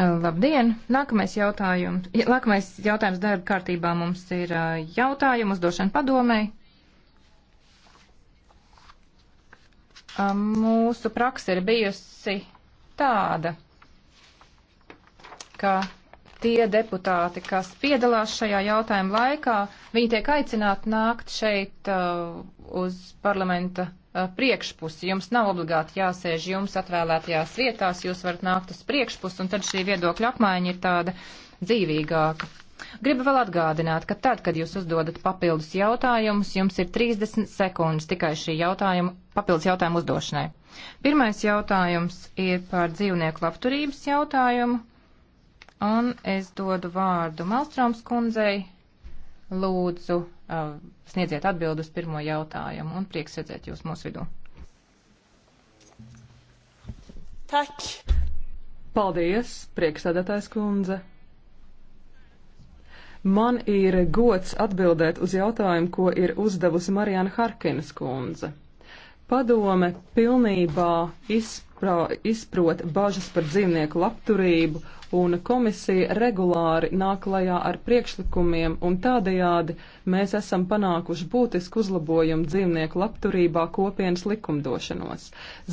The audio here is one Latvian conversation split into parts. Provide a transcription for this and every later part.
Labdien! Nākamais jautājums, nākamais jautājums darba kārtībā mums ir jautājumu uzdošana padomēji. Mūsu praksa ir bijusi tāda, ka tie deputāti, kas piedalās šajā jautājuma laikā, viņi tiek aicināti nākt šeit uz parlamenta Uh, priekšpusi. Jums nav obligāti jāsēž jums atvēlētajās vietās, jūs varat nākt uz priekšpusi, un tad šī viedokļa apmaiņa ir tāda dzīvīgāka. Gribu vēl atgādināt, ka tad, kad jūs uzdodat papildus jautājumus, jums ir 30 sekundes tikai šī jautājuma, papildus jautājumu uzdošanai. Pirmais jautājums ir par dzīvnieku labturības jautājumu, un es dodu vārdu Malstroms kundzei lūdzu uh, sniedziet atbildus pirmo jautājumu un prieks redzēt jūs mūsu vidū. Tak. Paldies, priekšsēdētājs kundze. Man ir gods atbildēt uz jautājumu, ko ir uzdevusi Marijana Harkinas kundze. Padome pilnībā izpētīja kurā izprot bažas par dzīvnieku labturību, un komisija regulāri nāk lajā ar priekšlikumiem, un tādējādi mēs esam panākuši būtisku uzlabojumu dzīvnieku labturībā kopienas likumdošanos.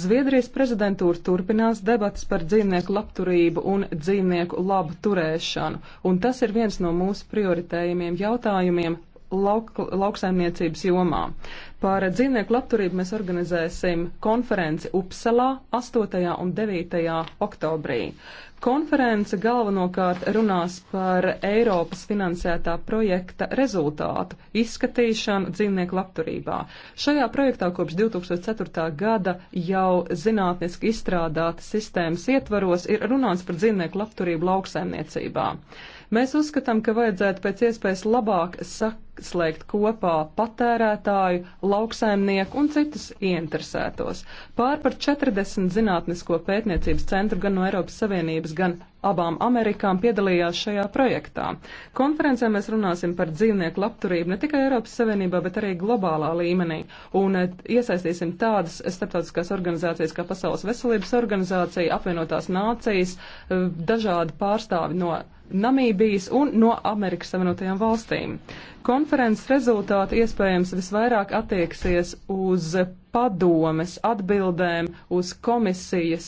Zviedrijas prezidentūra turpinās debatas par dzīvnieku labturību un dzīvnieku labu turēšanu, un tas ir viens no mūsu prioritējumiem jautājumiem lauk, lauksaimniecības jomā. Par dzīvnieku labturību mēs organizēsim konferenci Upselā 8. un 9. oktobrī. Konference galvenokārt runās par Eiropas finansētā projekta rezultātu izskatīšanu dzīvnieku labturībā. Šajā projektā kopš 2004. gada jau zinātniski izstrādāta sistēmas ietvaros ir runāts par dzīvnieku labturību lauksaimniecībā. Mēs uzskatām, ka vajadzētu pēc iespējas labāk saslēgt kopā patērētāju, lauksaimnieku un citus ieinteresētos. Pār par 40 zinātnisko pētniecības centru gan no Eiropas Savienības, gan abām Amerikām piedalījās šajā projektā. Konferencē mēs runāsim par dzīvnieku labturību ne tikai Eiropas Savienībā, bet arī globālā līmenī. Un eh, iesaistīsim tādas starptautiskās organizācijas kā Pasaules veselības organizācija, apvienotās nācijas, eh, dažādi pārstāvi no Namībijas un no Amerikas Savienotajām valstīm. Konferences rezultāti iespējams visvairāk attieksies uz padomes atbildēm, uz komisijas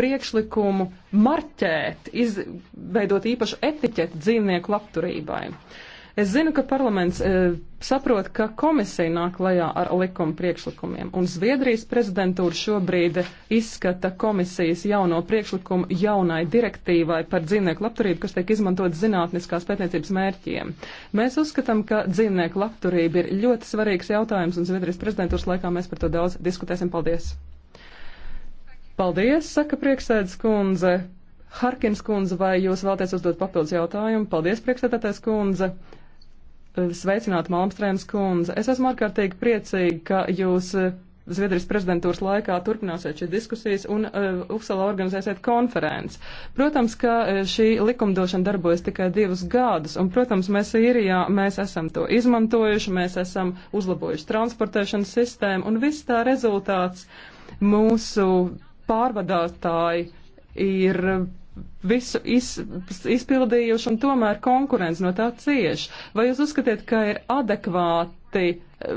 priekšlikumu marķēt, izveidot īpašu etiķetu dzīvnieku labturībai. Uh, Es zinu, ka parlaments e, saprot, ka komisija nāk lajā ar likuma priekšlikumiem, un Zviedrijas prezidentūra šobrīd izskata komisijas jauno priekšlikumu jaunai direktīvai par dzīvnieku labturību, kas tiek izmantot zinātniskās pētniecības mērķiem. Mēs uzskatām, ka dzīvnieku labturība ir ļoti svarīgs jautājums, un Zviedrijas prezidentūras laikā mēs par to daudz diskutēsim. Paldies! Paldies, saka prieksēdz kundze. Harkins kundze, vai jūs vēlaties uzdot papildus jautājumu? Paldies, priekšsēdētājs kundze. Sveicināti, Malmstrēms kundze. Es esmu ārkārtīgi priecīga, ka jūs eh, Zviedrijas prezidentūras laikā turpināsiet šīs diskusijas un uh, Upsala organizēsiet konferenci. Protams, ka uh, šī likumdošana darbojas tikai divus gadus, un, protams, mēs īrijā mēs esam to izmantojuši, mēs esam uzlabojuši transportēšanas sistēmu, un viss tā rezultāts mūsu pārvadātāji ir visu iz, izpildījuši un tomēr konkurence no tā cieš. Vai jūs uzskatiet, ka ir adekvāti, eh,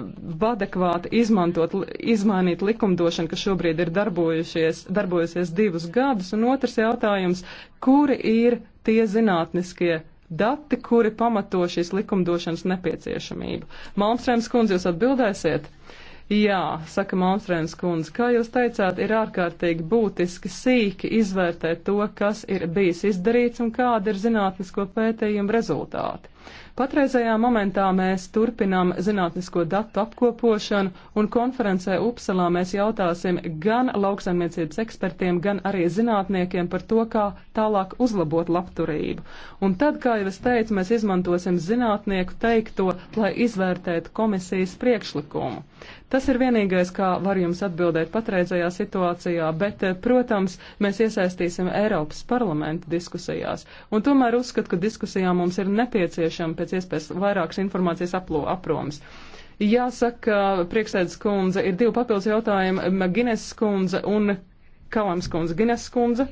adekvāti izmantot, izmainīt likumdošanu, kas šobrīd ir darbojušies, darbojusies divus gadus? Un otrs jautājums, kuri ir tie zinātniskie dati, kuri pamato šīs likumdošanas nepieciešamību? Malmstrēms kundze, jūs atbildēsiet? Uh, Jā, saka Malmstrēns kundze, kā jūs teicāt, ir ārkārtīgi būtiski sīki izvērtēt to, kas ir bijis izdarīts un kāda ir zinātnisko pētījumu rezultāti. Patreizajā momentā mēs turpinām zinātnisko datu apkopošanu un konferencē Upsalā mēs jautāsim gan lauksaimniecības ekspertiem, gan arī zinātniekiem par to, kā tālāk uzlabot labturību. Un tad, kā jau es teicu, mēs izmantosim zinātnieku teikto, lai izvērtētu komisijas priekšlikumu. Tas ir vienīgais, kā var jums atbildēt patreizajā situācijā, bet, eh, protams, mēs iesaistīsim Eiropas parlamentu diskusijās. Un tomēr uzskatu, ka diskusijā mums ir nepieciešama pēc iespējas vairākas informācijas aplo, aproms. Jāsaka, priekšsēdus kundze, ir divi papildus jautājumi - Magines kundze un Kalams kundze. Gines kundze.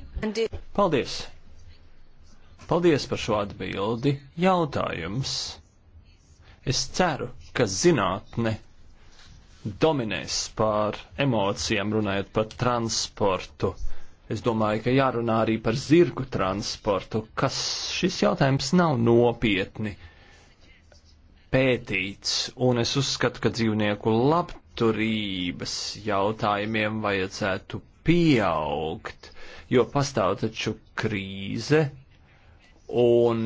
Paldies! Paldies par šo atbildi. Jautājums. Es ceru, ka zinātne dominēs pār emocijām, runājot par transportu. Es domāju, ka jārunā arī par zirgu transportu, kas šis jautājums nav nopietni pētīts, un es uzskatu, ka dzīvnieku labturības jautājumiem vajadzētu pieaugt, jo pastāv taču krīze, un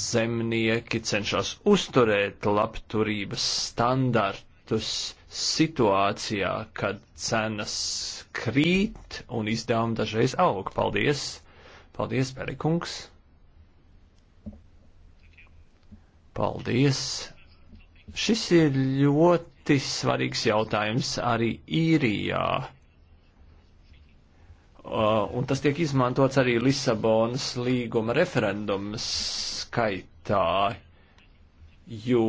zemnieki cenšas uzturēt labturības standartus situācijā, kad cenas krīt un izdevumi dažreiz aug. Paldies! Paldies, Perikungs! Paldies! Šis ir ļoti svarīgs jautājums arī īrijā. Uh, un tas tiek izmantots arī Lisabonas līguma referendums skaitā, jo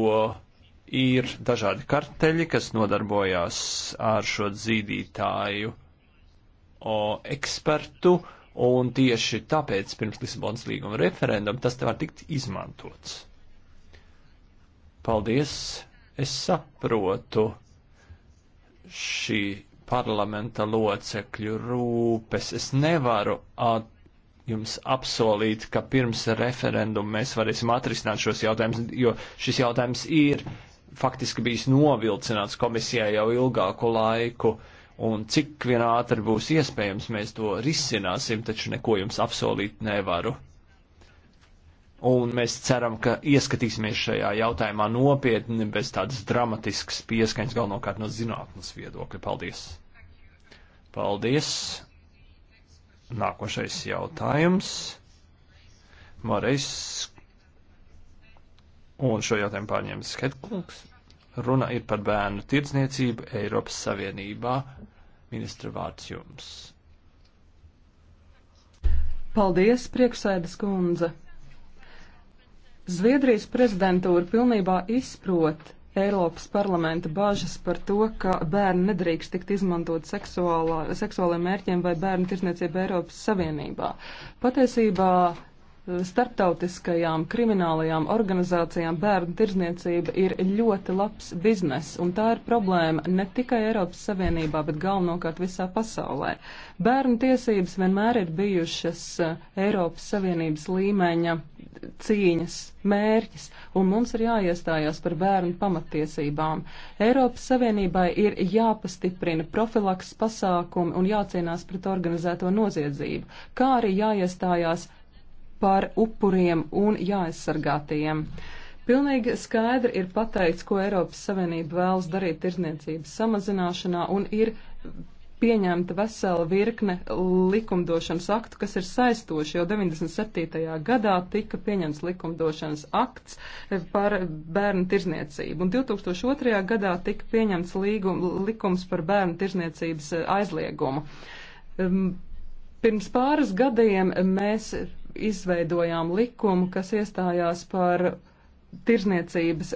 ir dažādi karteļi, kas nodarbojās ar šo dzīdītāju o, ekspertu, un tieši tāpēc pirms Lisabonas līguma referendum tas te var tikt izmantots. Paldies! Es saprotu šī parlamenta locekļu rūpes. Es nevaru at jums apsolīt, ka pirms referenduma mēs varēsim atrisināt šos jautājumus, jo šis jautājums ir faktiski bijis novilcināts komisijā jau ilgāku laiku, un cik vien ātri būs iespējams, mēs to risināsim, taču neko jums apsolīt nevaru. Un mēs ceram, ka ieskatīsimies šajā jautājumā nopietni, bez tādas dramatiskas pieskaņas, galvenokārt no zinātnes viedokļa. Paldies! Paldies! Nākošais jautājums. Morais Un šo jautājumu pārņems Hetkungs. Runa ir par bērnu tirdzniecību Eiropas Savienībā. Ministra vārds jums. Paldies, prieksēdas kundze. Zviedrijas prezidentūra pilnībā izprot Eiropas parlamenta bažas par to, ka bērni nedrīkst tikt izmantot seksuāliem mērķiem vai bērnu tirsniecību Eiropas Savienībā. Patiesībā starptautiskajām kriminālajām organizācijām bērnu tirzniecība ir ļoti labs biznes, un tā ir problēma ne tikai Eiropas Savienībā, bet galvenokārt visā pasaulē. Bērnu tiesības vienmēr ir bijušas eh, Eiropas Savienības līmeņa cīņas mērķis, un mums ir jāiestājās par bērnu pamatiesībām. Eiropas Savienībai ir jāpastiprina profilaks pasākumi un jācīnās pret organizēto noziedzību, kā arī jāiestājās par upuriem un jāaizsargātiem. Pilnīgi skaidri ir pateikts, ko Eiropas Savienība vēlas darīt tirzniecības samazināšanā un ir pieņemta vesela virkne likumdošanas aktu, kas ir saistoši. Jau 97. gadā tika pieņemts likumdošanas akts par bērnu tirzniecību, un 2002. gadā tika pieņemts līgum, likums par bērnu tirzniecības aizliegumu. Pirms pāris gadiem mēs izveidojām likumu, kas iestājās par tirzniecības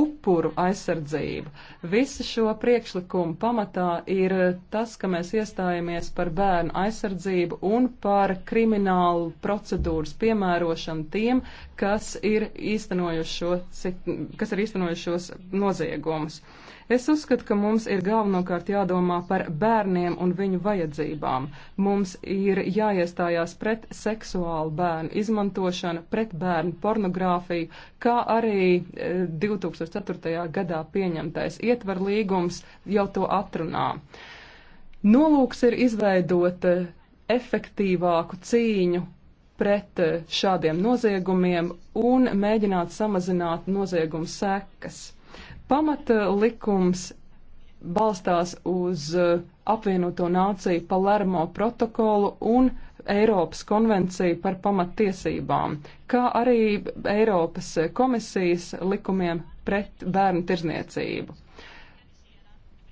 upuru aizsardzību. Visa šo priekšlikumu pamatā ir tas, ka mēs iestājamies par bērnu aizsardzību un par kriminālu procedūras piemērošanu tiem, kas ir īstenojušos, kas ir īstenojušos noziegumus. Uh, Es uzskatu, ka mums ir galvenokārt jādomā par bērniem un viņu vajadzībām. Mums ir jāiestājās pret seksuālu bērnu izmantošanu, pret bērnu pornogrāfiju, kā arī 2004. E, gadā pieņemtais ietver līgums jau to atrunā. Nolūks ir izveidot e, efektīvāku cīņu pret e, šādiem noziegumiem un mēģināt samazināt noziegumu sekas. Pamata likums balstās uz uh, apvienoto nāciju Palermo protokolu un Eiropas konvenciju par pamattiesībām, kā arī Eiropas komisijas likumiem pret bērnu tirzniecību.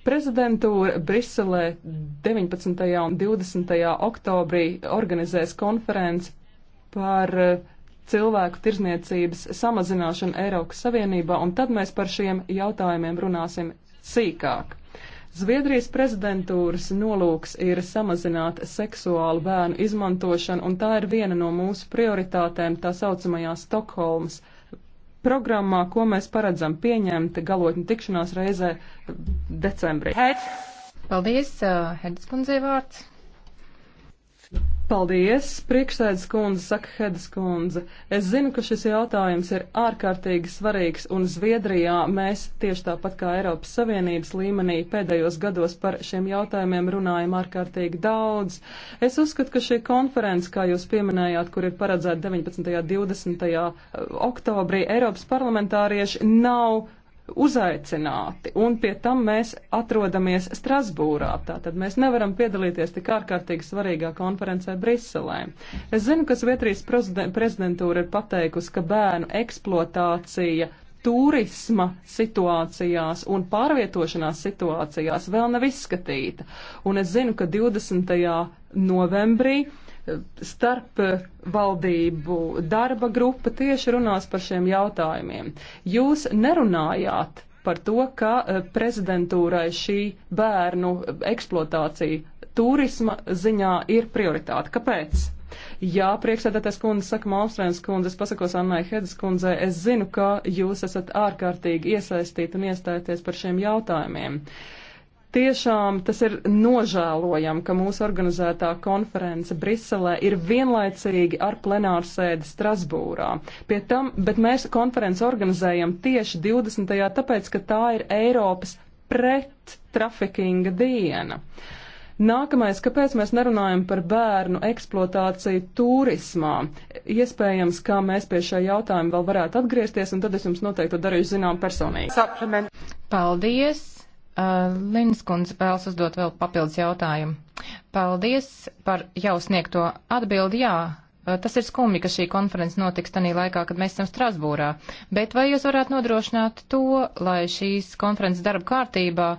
Prezidentūra Briselē 19. un 20. oktobrī organizēs konferenci par uh, cilvēku tirzniecības samazināšanu Eiropas Savienībā, un tad mēs par šiem jautājumiem runāsim sīkāk. Zviedrijas prezidentūras nolūks ir samazināt seksuālu bērnu izmantošanu, un tā ir viena no mūsu prioritātēm tā saucamajā Stokholmas programmā, ko mēs paredzam pieņemt galotņu tikšanās reizē decembrī. Paldies, uh, Hedis kundzei vārds. Paldies, priekšsēdus kundze, saka Hedas kundze. Es zinu, ka šis jautājums ir ārkārtīgi svarīgs, un Zviedrijā mēs tieši tāpat kā Eiropas Savienības līmenī pēdējos gados par šiem jautājumiem runājam ārkārtīgi daudz. Es uzskatu, ka šī konference, kā jūs pieminējāt, kur ir paredzēta 19. un 20. oktobrī, Eiropas parlamentārieši nav uzaicināti, un pie tam mēs atrodamies Strasbūrā. Tātad mēs nevaram piedalīties tik ārkārtīgi svarīgā konferencē Briselē. Es zinu, ka Zviedrijas prezidentūra ir pateikusi, ka bērnu eksploatācija turisma situācijās un pārvietošanās situācijās vēl nav izskatīta. Un es zinu, ka 20. novembrī starp eh, valdību darba grupa tieši runās par šiem jautājumiem. Jūs nerunājāt par to, ka eh, prezidentūrai šī bērnu eksploatācija turisma ziņā ir prioritāte. Kāpēc? Jā, priekšsēdētājs kundze saka Malmstrēns kundze, es pasakos Annai Hedas kundzei, es zinu, ka jūs esat ārkārtīgi iesaistīti un iestājaties par šiem jautājumiem. Uh, tiešām tas ir nožēlojami, ka mūsu organizētā konference Briselē ir vienlaicīgi ar plenāru sēdi Strasbūrā. Pie tam, bet mēs konferenci organizējam tieši 20. tāpēc, ka tā ir Eiropas pret trafikinga diena. Nākamais, kāpēc mēs nerunājam par bērnu eksploatāciju turismā? Iespējams, ka mēs pie šā jautājuma vēl varētu atgriezties, un tad es jums noteikti to darīšu zinām personīgi. Paldies! Uh, Linas kundze vēlas uzdot vēl papildus jautājumu. Paldies par jau sniegto atbildi. Jā, uh, tas ir skumji, ka šī konferences notiks tanī laikā, kad mēs esam Strasbūrā. Bet vai jūs varētu nodrošināt to, lai šīs konferences darba kārtībā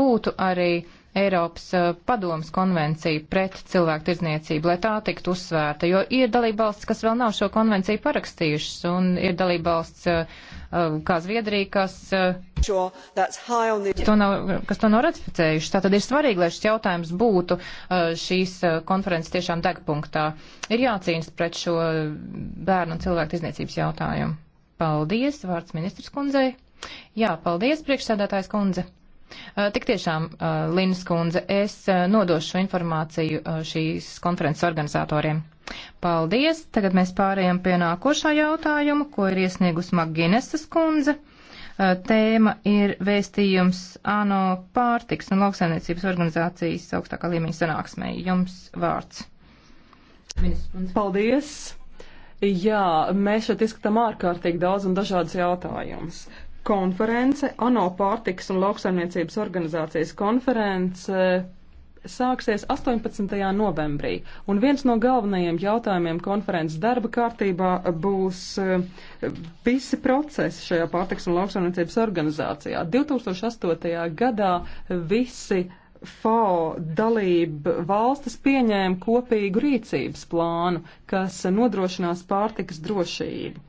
būtu arī uh, Eiropas eh, padomas konvenciju pret cilvēku tirdzniecību, lai tā tiktu uzsvērta, jo ir dalībvalsts, kas vēl nav šo konvenciju parakstījušas, un ir dalībvalsts eh, eh, kā Zviedrija, kas, to nav, kas to nav ratificējuši. Tātad ir svarīgi, lai šis jautājums būtu šīs konferences tiešām degpunktā. Ir jācīnas pret šo bērnu un cilvēku tirdzniecības jautājumu. Paldies, vārds ministrs kundzei. Jā, paldies, priekšsēdētājs kundze. Eh, tik tiešām, eh, Linas kundze, es eh, nodošu šo informāciju šīs konferences organizatoriem. Paldies! Tagad mēs pārējām pie nākošā jautājuma, ko ir iesniegusi Maginesas kundze. Tēma ir vēstījums ANO pārtiks un lauksainiecības organizācijas augstākā līmeņa sanāksmē. Jums vārds. Paldies! Jā, mēs šeit izskatām ārkārtīgi daudz un dažādas jautājumus konference, ANO pārtiks un lauksaimniecības organizācijas konference eh, sāksies 18. novembrī, un viens no galvenajiem jautājumiem konferences darba kārtībā būs eh, visi procesi šajā pārtiks un lauksaimniecības organizācijā. 2008. gadā visi FAO dalību valstis pieņēma kopīgu rīcības plānu, kas nodrošinās pārtikas drošību.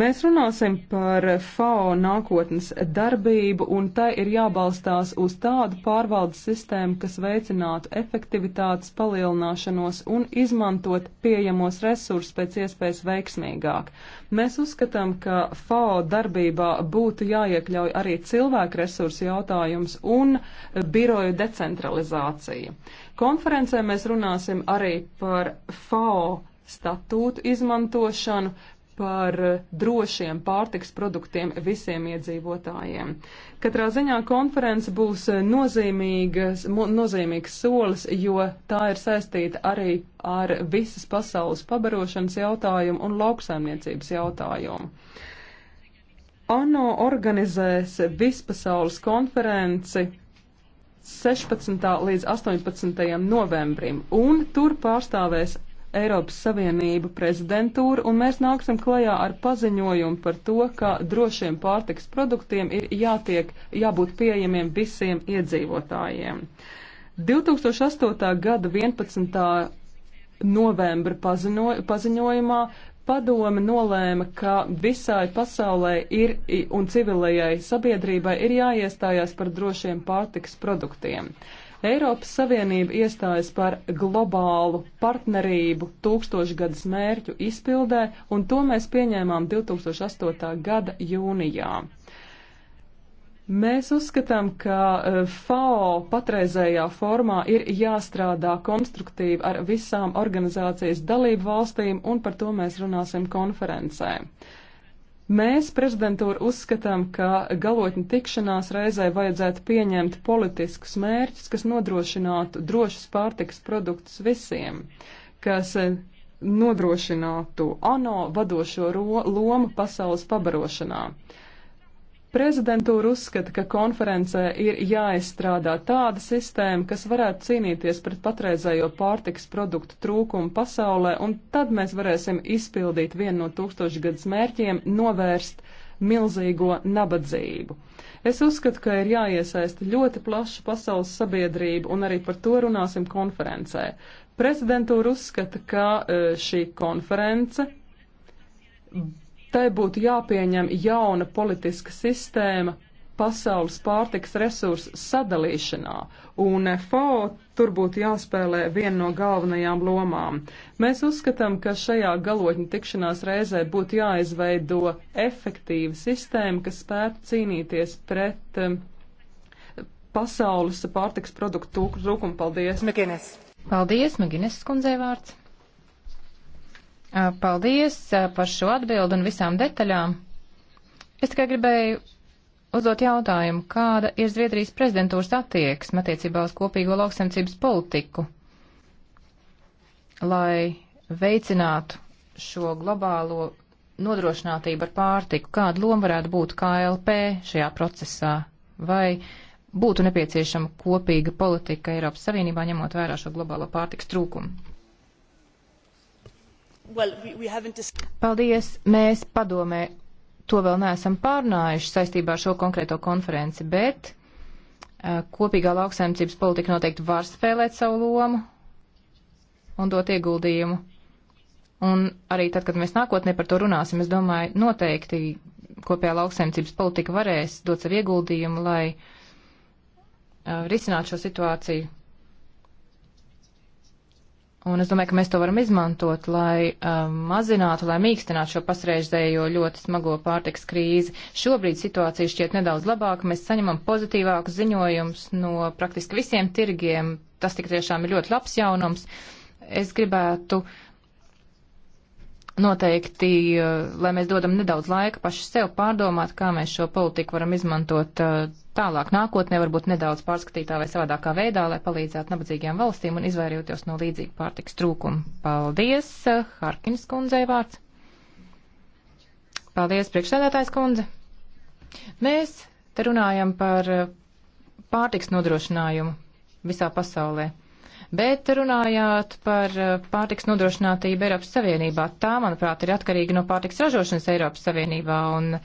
Mēs runāsim par FAO nākotnes darbību, un tai ir jābalstās uz tādu pārvaldes sistēmu, kas veicinātu efektivitātes palielināšanos un izmantot pieejamos resursus pēc iespējas veiksmīgāk. Mēs uzskatām, ka FAO darbībā būtu jāiekļauj arī cilvēku resursu jautājums un biroju decentralizācija. Konferencē mēs runāsim arī par FAO statūtu izmantošanu, par drošiem pārtiks produktiem visiem iedzīvotājiem. Katrā ziņā konference būs nozīmīgas, nozīmīgs solis, jo tā ir saistīta arī ar visas pasaules pabarošanas jautājumu un lauksaimniecības jautājumu. ANO organizēs vispasaules konferenci 16. līdz 18. novembrim, un tur pārstāvēs Eiropas Savienību prezidentūru, un mēs nāksim klajā ar paziņojumu par to, ka drošiem pārtiks produktiem ir jātiek, jābūt pieejamiem visiem iedzīvotājiem. 2008. gada 11. novembra paziņo, paziņojumā padome nolēma, ka visai pasaulē ir un civilajai sabiedrībai ir jāiestājās par drošiem pārtiks produktiem. Uh, Eiropas Savienība iestājas par globālu partnerību tūkstošgadas mērķu izpildē, un to mēs pieņēmām 2008. gada jūnijā. Mēs uzskatām, ka eh, FAO patreizējā formā ir jāstrādā konstruktīvi ar visām organizācijas dalību valstīm, un par to mēs runāsim konferencē. Mēs prezidentūru uzskatām, ka galotņu tikšanās reizē vajadzētu pieņemt politiskus mērķus, kas nodrošinātu drošas pārtikas produktus visiem, kas eh, nodrošinātu ANO vadošo lomu pasaules pabarošanā. Prezidentūra uzskata, ka konferencē ir jāizstrādā tāda sistēma, kas varētu cīnīties pret patreizējo pārtiks produktu trūkumu pasaulē, un tad mēs varēsim izpildīt vienu no tūkstošgadus mērķiem - novērst milzīgo nabadzību. Es uzskatu, ka ir jāiesaista ļoti plaša pasaules sabiedrība, un arī par to runāsim konferencē. Prezidentūra uzskata, ka eh, šī konference tai būtu jāpieņem jauna politiska sistēma pasaules pārtiks resursu sadalīšanā, un FAO tur būtu jāspēlē viena no galvenajām lomām. Mēs uzskatām, ka šajā galotņa tikšanās reizē būtu jāizveido efektīva sistēma, kas spētu cīnīties pret um, pasaules pārtiks produktu trūkumu. Paldies! Magines. Paldies, Magines skundzei vārds! Paldies par šo atbildu un visām detaļām. Es tikai gribēju uzdot jautājumu, kāda ir Zviedrijas prezidentūras attieksme attiecībā uz kopīgo lauksemcības politiku, lai veicinātu šo globālo nodrošinātību ar pārtiku, kāda loma varētu būt KLP šajā procesā, vai būtu nepieciešama kopīga politika Eiropas Savienībā, ņemot vērā šo globālo pārtiks trūkumu well, we, we haven't... Paldies, mēs padomē to vēl neesam pārnājuši saistībā ar šo konkrēto konferenci, bet uh, kopīgā lauksaimniecības politika noteikti var spēlēt savu lomu un dot ieguldījumu. Un arī tad, kad mēs nākotnē par to runāsim, es domāju, noteikti kopējā lauksaimniecības politika varēs dot savu ieguldījumu, lai uh, risinātu šo situāciju Un es domāju, ka mēs to varam izmantot, lai uh, mazinātu, lai mīkstinātu šo pasreizējo ļoti smago pārtiks krīzi. Šobrīd situācija šķiet nedaudz labāka, mēs saņemam pozitīvākus ziņojumus no praktiski visiem tirgiem. Tas tik tiešām ir ļoti labs jaunums. Es gribētu noteikti, eh, lai mēs dodam nedaudz laika paši sev pārdomāt, kā mēs šo politiku varam izmantot eh, tālāk nākotnē, varbūt nedaudz pārskatītā vai savādākā veidā, lai palīdzētu nabadzīgajām valstīm un izvairītos no līdzīga pārtiks trūkuma. Paldies, eh, Harkins kundzei vārds. Paldies, priekšsēdētājs kundze. Mēs te runājam par pārtiks nodrošinājumu visā pasaulē. Bet runājāt par eh, pārtiks nodrošinātību Eiropas Savienībā. Tā, manuprāt, ir atkarīga no pārtiks ražošanas Eiropas Savienībā. Un uh,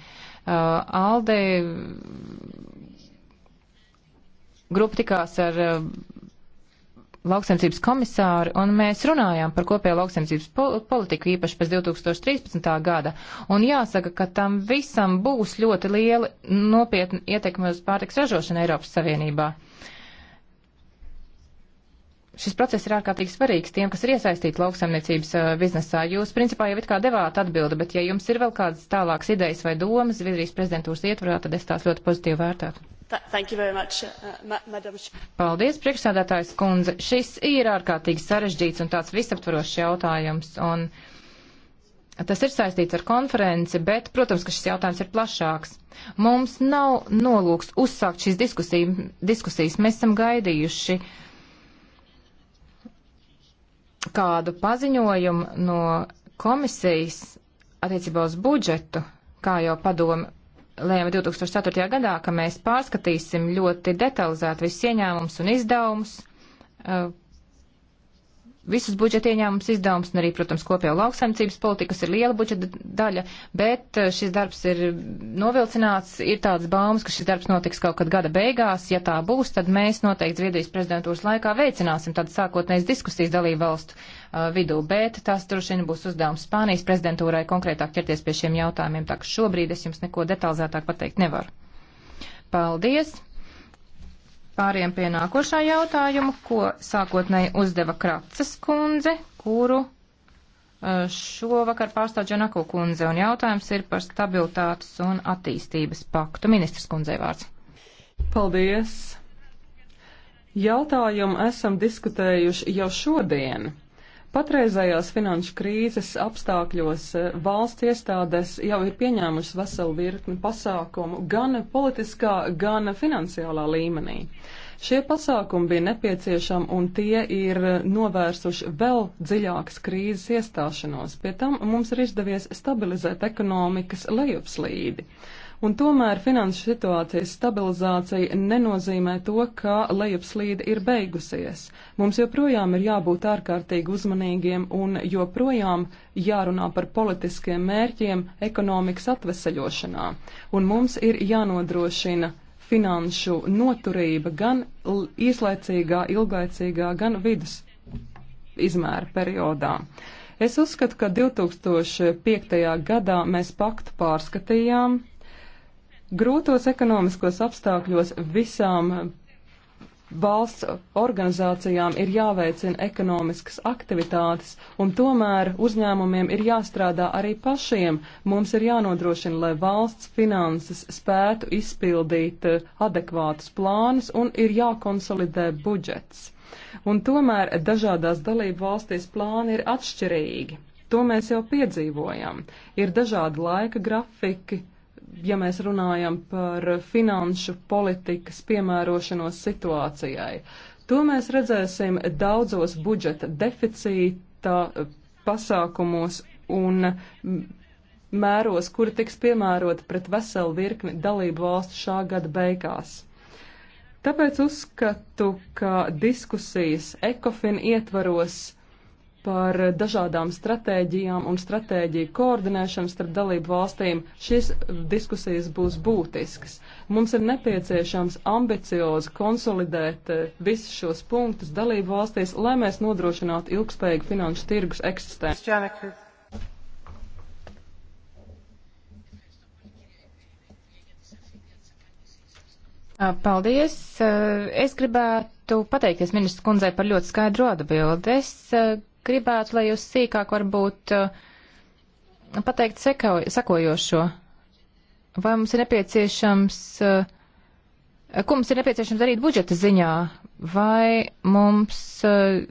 Alde eh, grupa tikās ar. Uh, lauksaimniecības komisāri, un mēs runājām par kopējo lauksaimniecības po politiku īpaši pēc 2013. gada. Un jāsaka, ka tam visam būs ļoti liela nopietna ietekme uz pārtiks ražošanu Eiropas Savienībā. Uh, šis process ir ārkārtīgi svarīgs tiem, kas ir iesaistīti lauksaimniecības uh, biznesā. Jūs, principā, jau it kā devāt atbildi, bet ja jums ir vēl kādas tālākas idejas vai domas Zviedrijas prezidentūras ietvarā, tad es tās ļoti pozitīvi vērtētu. Much, uh, uh ma Paldies, priekšsādātājs kundze. Šis ir ārkārtīgi sarežģīts un tāds visaptvarošs jautājums. Un tas ir saistīts ar konferenci, bet, protams, ka šis jautājums ir plašāks. Mums nav nolūks uzsākt šīs diskusijas. Mēs esam gaidījuši uh, kādu paziņojumu no komisijas attiecībā uz budžetu, kā jau padomu lēma 2004. gadā, ka mēs pārskatīsim ļoti detalizēt visus ieņēmumus un izdevumus, eh, visus budžeta ieņēmumus izdevumus, un arī, protams, kopējo lauksaimniecības politikas ir liela budžeta daļa, bet eh, šis darbs ir novilcināts, ir tāds baumas, ka šis darbs notiks kaut kad gada beigās, ja tā būs, tad mēs noteikti Zviedrijas prezidentūras laikā veicināsim tādas sākotnējas diskusijas dalību valstu uh, vidū, bet tas droši vien būs uzdevums Spānijas prezidentūrai konkrētāk ķerties pie šiem jautājumiem, tā ka šobrīd es jums neko detalizētāk pateikt nevaru. Paldies! Pāriem pie nākošā jautājuma, ko sākotnēji uzdeva Kratsas kundze, kuru e, šovakar pārstāv Džanako kundze, un jautājums ir par stabilitātes un attīstības paktu. Ministrs kundzei vārds. Paldies! Jautājumu esam diskutējuši jau šodien. Patreizējās finanšu krīzes apstākļos eh, valsts iestādes jau ir pieņēmušas veselu virkni pasākumu gan politiskā, gan finansiālā līmenī. Šie pasākumi bija nepieciešami un tie ir eh, novērsuši vēl dziļākas krīzes iestāšanos. Pie tam mums ir izdevies stabilizēt ekonomikas lejupslīdi. Uh, Un tomēr finanšu situācijas stabilizācija nenozīmē to, ka lejupslīde ir beigusies. Mums joprojām ir jābūt ārkārtīgi uzmanīgiem un joprojām jārunā par politiskiem mērķiem ekonomikas atveseļošanā. Un mums ir jānodrošina finanšu noturība gan īslaicīgā, ilglaicīgā, gan vidus izmēra periodā. Es uzskatu, ka 2005. gadā mēs paktu pārskatījām, Grūtos ekonomiskos apstākļos visām valsts organizācijām ir jāveicina ekonomiskas aktivitātes, un tomēr uzņēmumiem ir jāstrādā arī pašiem. Mums ir jānodrošina, lai valsts finanses spētu izpildīt eh, adekvātus plānus un ir jākonsolidē budžets. Un tomēr dažādās dalību valstīs plāni ir atšķirīgi. To mēs jau piedzīvojam. Ir dažādi laika grafiki, ja mēs runājam par finanšu politikas piemērošanos situācijai. To mēs redzēsim daudzos budžeta deficīta eh, pasākumos un mēros, kuri tiks piemēroti pret veselu virkni dalību valstu šā gada beigās. Tāpēc uzskatu, ka diskusijas ekofin ietvaros par dažādām stratēģijām un stratēģiju koordinēšanu starp dalību valstīm, šīs diskusijas būs būtiskas. Mums ir nepieciešams ambiciozi konsolidēt eh, visus šos punktus dalību valstīs, lai mēs nodrošinātu ilgspējīgu finanšu tirgus eksistenci. Paldies. Es gribētu pateikties ministrs kundzei par ļoti skaidru atbildi. Es gribētu, lai jūs sīkāk varbūt uh, pateikt sekojošo. Vai mums ir nepieciešams, uh, ko mums ir nepieciešams darīt budžeta ziņā, vai mums uh,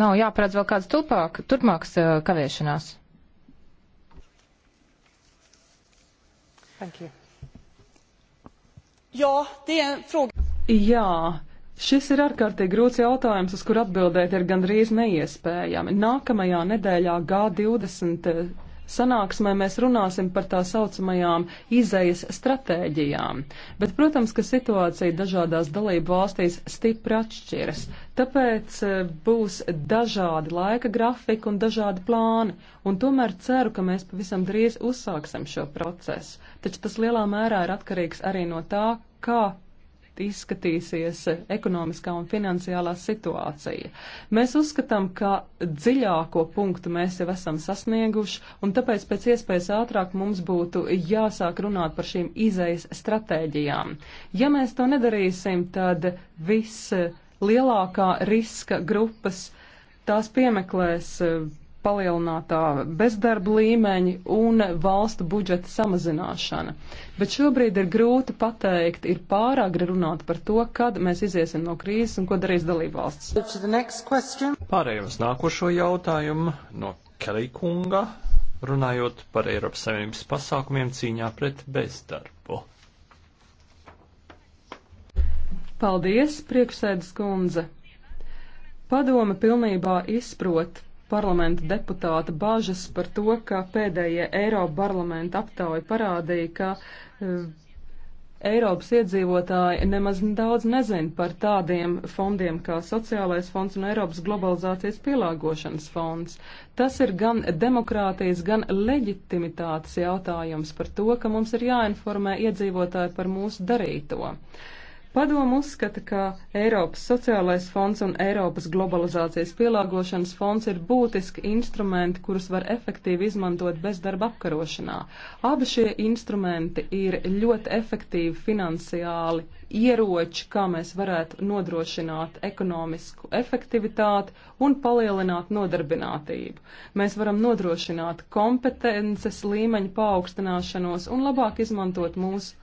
nav jāparedz vēl kādas turpāk, turpmākas kavēšanās? Thank you. Ja, det är en fråga. Ja, Šis ir ārkārtīgi grūts jautājums, uz kur atbildēt ir gandrīz neiespējami. Nākamajā nedēļā G20 eh, sanāksmē mēs runāsim par tā saucamajām izejas stratēģijām. Bet, protams, ka situācija dažādās dalību valstīs stipri atšķiras. Tāpēc eh, būs dažādi laika grafiki un dažādi plāni. Un tomēr ceru, ka mēs pavisam drīz uzsāksim šo procesu. Taču tas lielā mērā ir atkarīgs arī no tā, kā izskatīsies ekonomiskā un finansiālā situācija. Mēs uzskatām, ka dziļāko punktu mēs jau esam sasnieguši, un tāpēc pēc iespējas ātrāk mums būtu jāsāk runāt par šīm izejas stratēģijām. Ja mēs to nedarīsim, tad viss lielākā riska grupas tās piemeklēs palielinātā bezdarba līmeņa un valstu budžeta samazināšana. Bet šobrīd ir grūti pateikt, ir pārāk runāt par to, kad mēs iziesim no krīzes un ko darīs dalībvalsts. Pārējiem uz nākošo jautājumu no Kelīkunga, runājot par Eiropas Savienības pasākumiem cīņā pret bezdarbu. Paldies, priekšsēdas kundze! Padome pilnībā izprot parlamenta deputāta bažas par to, ka pēdējie Eiropa parlamenta aptauja parādīja, ka uh, Eiropas iedzīvotāji nemaz daudz nezin par tādiem fondiem kā Sociālais fonds un Eiropas globalizācijas pielāgošanas fonds. Tas ir gan demokrātijas, gan leģitimitātes jautājums par to, ka mums ir jāinformē iedzīvotāji par mūsu darīto. Uh, Padomu uzskata, ka Eiropas sociālais fonds un Eiropas globalizācijas pielāgošanas fonds ir būtiski instrumenti, kurus var efektīvi izmantot bezdarba apkarošanā. Abi šie instrumenti ir ļoti efektīvi finansiāli ieroči, kā mēs varētu nodrošināt ekonomisku efektivitāti un palielināt nodarbinātību. Mēs varam nodrošināt kompetences līmeņu paaugstināšanos un labāk izmantot mūsu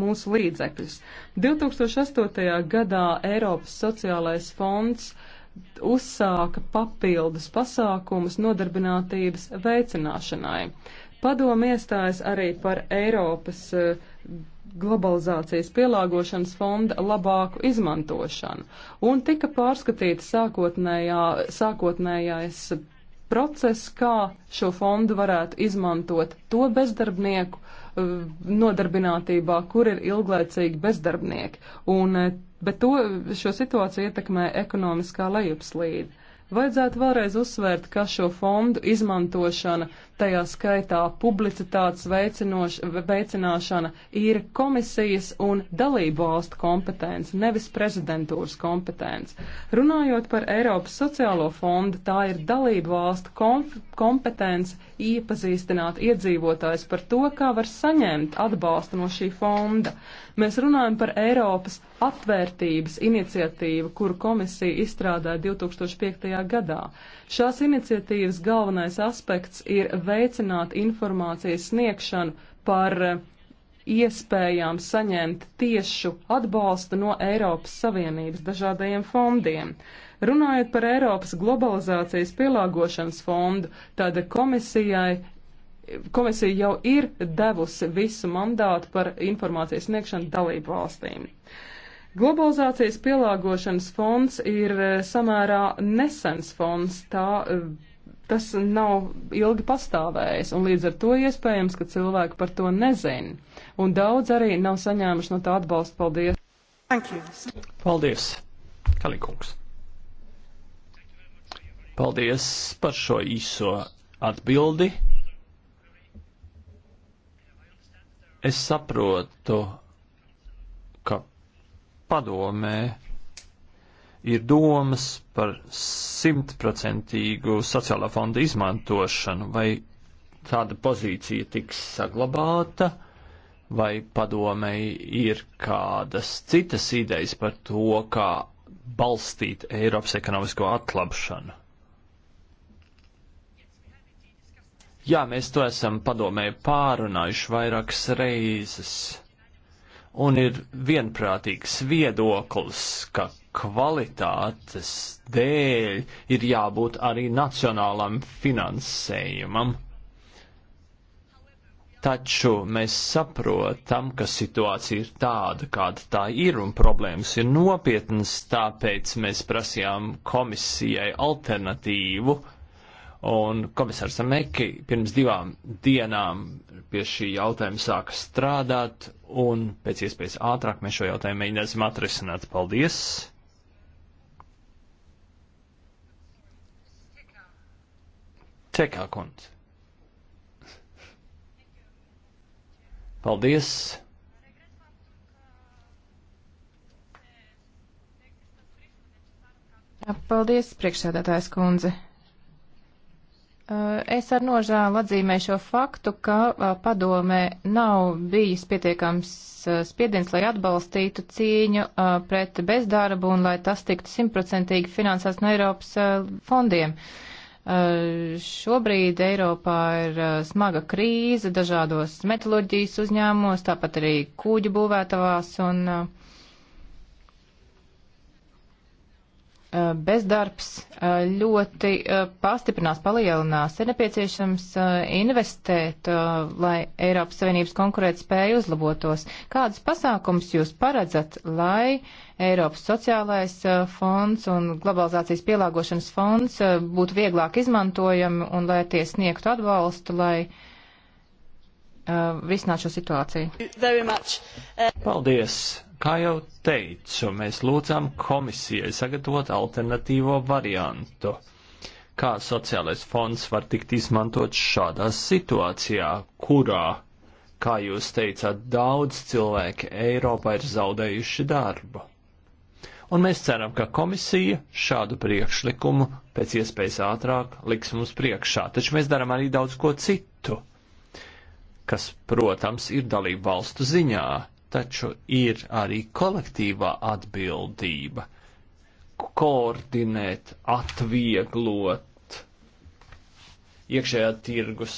mūsu līdzekļus. 2008. gadā Eiropas sociālais fonds uzsāka papildus pasākumus nodarbinātības veicināšanai. Padomi iestājas arī par Eiropas eh, globalizācijas pielāgošanas fonda labāku izmantošanu, un tika pārskatīta sākotnējā, sākotnējais process, kā šo fondu varētu izmantot to bezdarbnieku, Eh, nodarbinātībā, kur ir ilglaicīgi bezdarbnieki. Un, eh, bet to, šo situāciju ietekmē ekonomiskā lejupslīde. Vajadzētu vēlreiz uzsvērt, ka šo fondu izmantošana, tajā skaitā publicitātes veicināšana, ir komisijas un dalību valstu kompetence, nevis prezidentūras kompetence. Runājot par Eiropas sociālo fondu, tā ir dalību valstu kompetence iepazīstināt iedzīvotājs par to, kā var saņemt atbalstu no šī fonda. Mēs runājam par Eiropas atvērtības iniciatīva, kuru komisija izstrādāja 2005. gadā. Šās iniciatīvas galvenais aspekts ir veicināt informācijas sniegšanu par eh, iespējām saņemt tiešu atbalstu no Eiropas Savienības dažādajiem fondiem. Runājot par Eiropas globalizācijas pielāgošanas fondu, tad komisijai komisija jau ir devusi visu mandātu par informācijas sniegšanu dalību valstīm. Uh, Globalizācijas pielāgošanas fonds ir e, samērā nesens fonds. Tā, e, tas nav ilgi pastāvējis, un līdz ar to iespējams, ka cilvēki par to nezin. Un daudz arī nav saņēmuši no tā atbalsta. Paldies! Thank you. Paldies, Kalikungs! Paldies par šo īso atbildi. Es saprotu, padomē ir domas par simtprocentīgu sociālā fonda izmantošanu, vai tāda pozīcija tiks saglabāta, vai padomēji ir kādas citas idejas par to, kā balstīt Eiropas ekonomisko atlapšanu. Jā, mēs to esam padomē pārunājuši vairākas reizes un ir vienprātīgs viedoklis, ka kvalitātes dēļ ir jābūt arī nacionālam finansējumam. Taču mēs saprotam, ka situācija ir tāda, kāda tā ir, un problēmas ir nopietnas, tāpēc mēs prasījām komisijai alternatīvu uh, Un komisārs Ameki pirms divām dienām pie šī jautājuma sāka strādāt, un pēc iespējas ātrāk mēs šo jautājumu mēģināsim atrisināt. Paldies! Tekā kundze. Paldies! Paldies, priekšsēdētājs kundze. Eh, es ar nožēlu atzīmēju šo faktu, ka eh, padomē nav bijis pietiekams eh, spiediens, lai atbalstītu cīņu pret bezdarbu un lai tas tiktu simtprocentīgi finansēts no Eiropas fondiem. Šobrīd Eiropā ir smaga krīze dažādos metaloģijas uzņēmumos, tāpat arī kūģu būvētavās un uh, Eh, bezdarbs eh, ļoti eh, pastiprinās, palielinās. Ir nepieciešams investēt, lai Eiropas Savienības konkurētspēja uzlabotos. Kādus pasākums jūs paredzat, lai Eiropas sociālais fonds un globalizācijas pielāgošanas fonds būtu vieglāk izmantojami un lai tie sniegtu atbalstu, lai uh, risināt šo situāciju. Uh, Paldies! Kā jau teicu, mēs lūdzām komisijai sagatavot alternatīvo variantu kā sociālais fonds var tikt izmantot šādā situācijā, kurā, kā jūs teicāt, daudz cilvēki Eiropā ir zaudējuši darbu. Un mēs ceram, ka komisija šādu priekšlikumu pēc iespējas ātrāk liks mums priekšā, taču mēs darām arī daudz ko citu kas, protams, ir dalību valstu ziņā, taču ir arī kolektīvā atbildība koordinēt, atvieglot iekšējā tirgus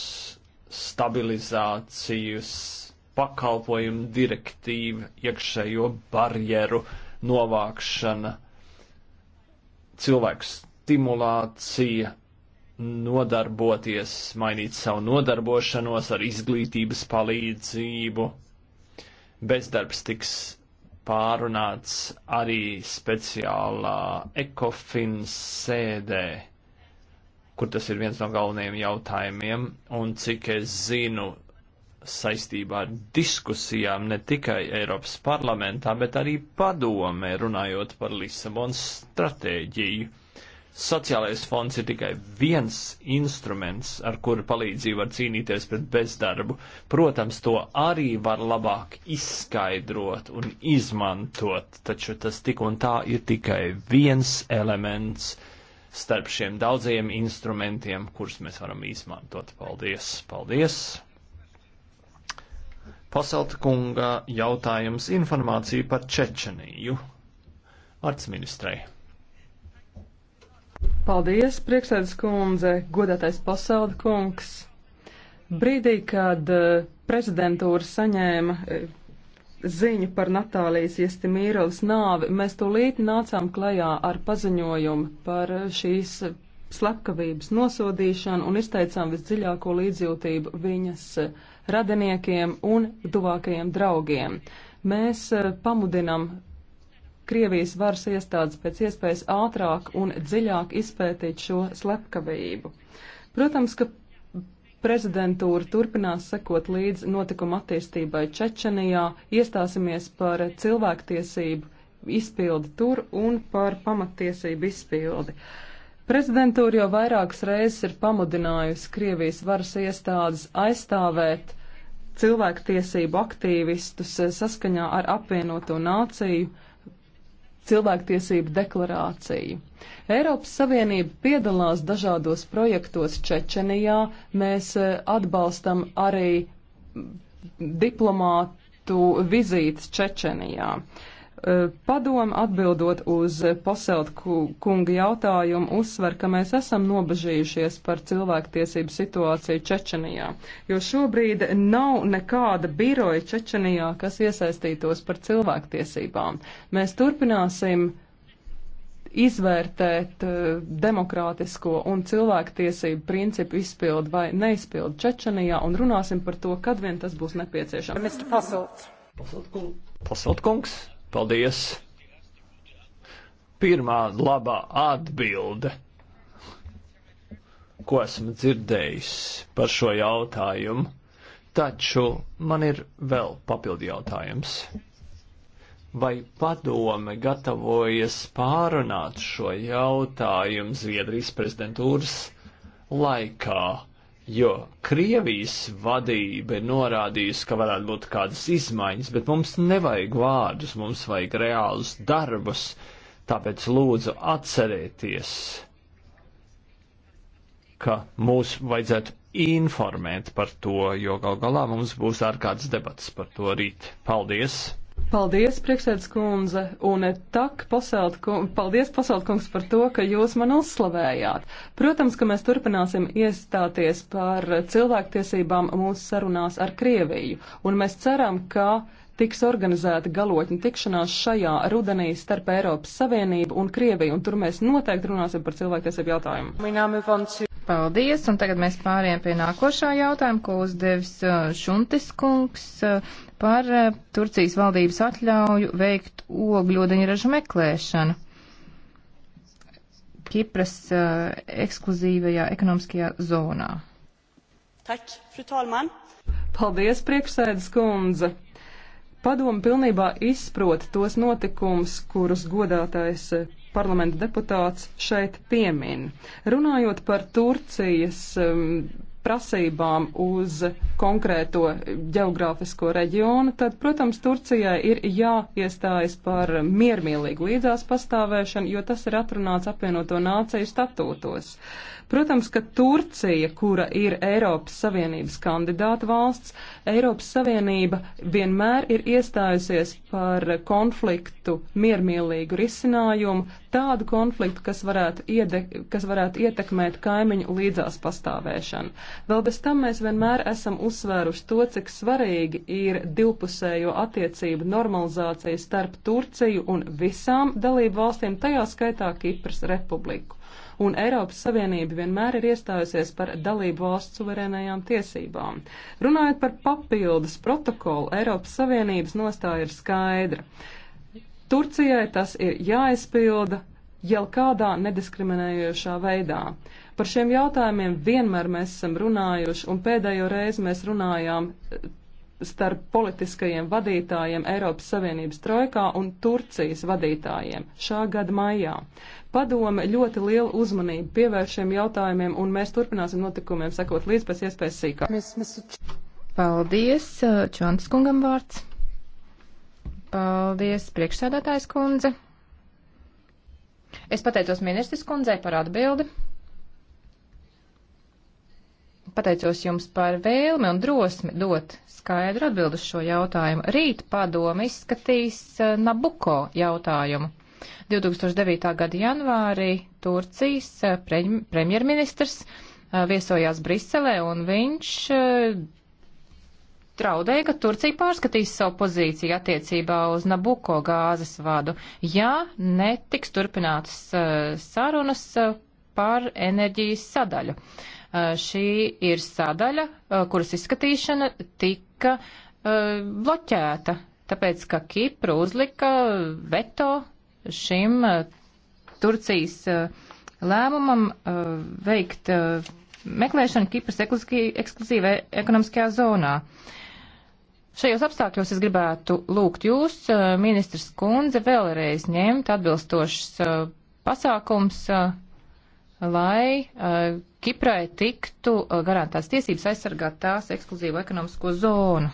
stabilizācijas pakalpojumu direktīva, iekšējo barjeru novākšana, cilvēku stimulācija, nodarboties, mainīt savu nodarbošanos ar izglītības palīdzību. Bezdarbs tiks pārunāts arī speciālā ECOFIN sēdē, kur tas ir viens no galvenajiem jautājumiem, un cik es zinu, saistībā ar diskusijām ne tikai Eiropas parlamentā, bet arī padomē runājot par Lisabonas stratēģiju. Sociālais fonds ir tikai viens instruments, ar kuru palīdzību var cīnīties pret bezdarbu. Protams, to arī var labāk izskaidrot un izmantot, taču tas tik un tā ir tikai viens elements starp šiem daudziem instrumentiem, kurus mēs varam izmantot. Paldies! Paldies! Paselta kunga jautājums informāciju par Čečeniju. Arts ministrei. Paldies, priekšsēdus kundze, godātais pasauli kungs. Brīdī, kad eh, prezidentūra saņēma eh, ziņu par Natālijas Iestimīrovas nāvi, mēs tūlīt nācām klajā ar paziņojumu par eh, šīs slepkavības nosodīšanu un izteicām visdziļāko līdzjūtību viņas radiniekiem un tuvākajiem draugiem. Mēs pamudinam Krievijas varas iestādes pēc iespējas ātrāk un dziļāk izpētīt šo slepkavību. Protams, ka prezidentūra turpinās sekot līdz notikuma attīstībai Čečenijā, iestāsimies par cilvēktiesību izpildi tur un par pamatiesību izpildi. Prezidentūra jau vairākas reizes ir pamudinājusi Krievijas varas iestādes aizstāvēt cilvēktiesību aktīvistus saskaņā ar apvienoto nāciju cilvēktiesību deklarāciju. Eiropas Savienība piedalās dažādos projektos Čečenijā. Mēs eh, atbalstam arī diplomātu vizītes Čečenijā. Uh, Eh, Padoma atbildot uz Poselt kunga jautājumu uzsver, ka mēs esam nobežījušies par cilvēktiesību situāciju Čečenijā, jo šobrīd nav nekāda biroja Čečenijā, kas iesaistītos par cilvēktiesībām. Mēs turpināsim izvērtēt uh, demokrātisko un cilvēktiesību principu izpildu vai neizpildu Čečenijā un runāsim par to, kad vien tas būs nepieciešams. Pasaut kungs. Paldies! Pirmā labā atbilde, ko esmu dzirdējis par šo jautājumu, taču man ir vēl papildi jautājums. Vai padome gatavojas pārunāt šo jautājumu Zviedrijas prezidentūras laikā? jo Krievijas vadība ir norādījusi, ka varētu būt kādas izmaiņas, bet mums nevajag vārdus, mums vajag reālus darbus, tāpēc lūdzu atcerieties, ka mūs vajadzētu informēt par to, jo gal galā mums būs ārkārtas debats par to rīt. Paldies! Paldies, priekšsēdus kundze, un tak, pasault, kundze, paldies, pasault kungs, par to, ka jūs man uzslavējāt. Protams, ka mēs turpināsim iestāties par cilvēktiesībām mūsu sarunās ar Krieviju, un mēs ceram, ka tiks organizēta galotņa tikšanās šajā rudenī starp Eiropas Savienību un Krieviju, un tur mēs noteikti runāsim par cilvēktiesību jautājumu. Paldies, un tagad mēs pāriem pie nākošā jautājuma, ko uzdevis uh, Šuntis kungs uh, par eh, Turcijas valdības atļauju veikt ogļūdeņu ražu meklēšanu. Kipras uh, ekskluzīvajā ekonomiskajā zonā. Tak, fru talman. Paldies, priekšsēdas kundze. Padomu pilnībā izprot tos notikumus, kurus godātais eh, parlamenta deputāts šeit piemin. Runājot par Turcijas um, prasībām uz konkrēto geogrāfisko reģionu, tad, protams, Turcijai ir jāiestājas par miermīlīgu līdzās pastāvēšanu, jo tas ir atrunāts apvienoto nāciju statūtos. Protams, ka Turcija, kura ir Eiropas Savienības kandidāta valsts, Eiropas Savienība vienmēr ir iestājusies par konfliktu miermīlīgu risinājumu, tādu konfliktu, kas varētu, iede, kas varētu ietekmēt kaimiņu līdzās pastāvēšanu. Vēl bez tam mēs vienmēr esam uzsvēruši to, cik svarīgi ir divpusējo attiecību normalizācija starp Turciju un visām dalību valstīm, tajā skaitā Kipras republiku un Eiropas Savienība vienmēr ir iestājusies par dalību valsts suverēnajām tiesībām. Runājot par papildus protokolu, Eiropas Savienības nostāja ir skaidra. Turcijai tas ir jāizpilda jau kādā nediskriminējošā veidā. Par šiem jautājumiem vienmēr mēs esam runājuši, un pēdējo reizi mēs runājām starp politiskajiem vadītājiem Eiropas Savienības trojkā un Turcijas vadītājiem šā gada maijā. Padome ļoti lielu uzmanību pievērš šiem jautājumiem, un mēs turpināsim notikumiem sekot līdz pēc iespējas sīkāk. Paldies, uh, Čontas kungam vārds. Paldies, priekšsēdētājs kundze. Es pateicos ministrs kundzei par atbildi pateicos jums par vēlmi un drosmi dot skaidru atbildu šo jautājumu. Rīt padomi izskatīs eh, Nabuko jautājumu. 2009. gada janvārī Turcijas eh, premjerministrs eh, viesojās Briselē un viņš traudēja, ka Turcija pārskatīs savu pozīciju attiecībā uz Nabuko gāzes vadu, ja netiks turpinātas sarunas par enerģijas sadaļu. Uh, šī ir sadaļa, uh, kuras izskatīšana tika uh, bloķēta, tāpēc ka Kipra uzlika veto šim Turcijas lēmumam veikt meklēšanu Kipras ekskluzīvē ekonomiskajā zonā. Šajos apstākļos es gribētu lūgt jūs, ministrs Kundze, vēlreiz ņemt atbilstošs pasākums lai uh, Kiprai tiktu uh, garantēts tiesības aizsargāt tās ekskluzīvo ekonomisko zonu.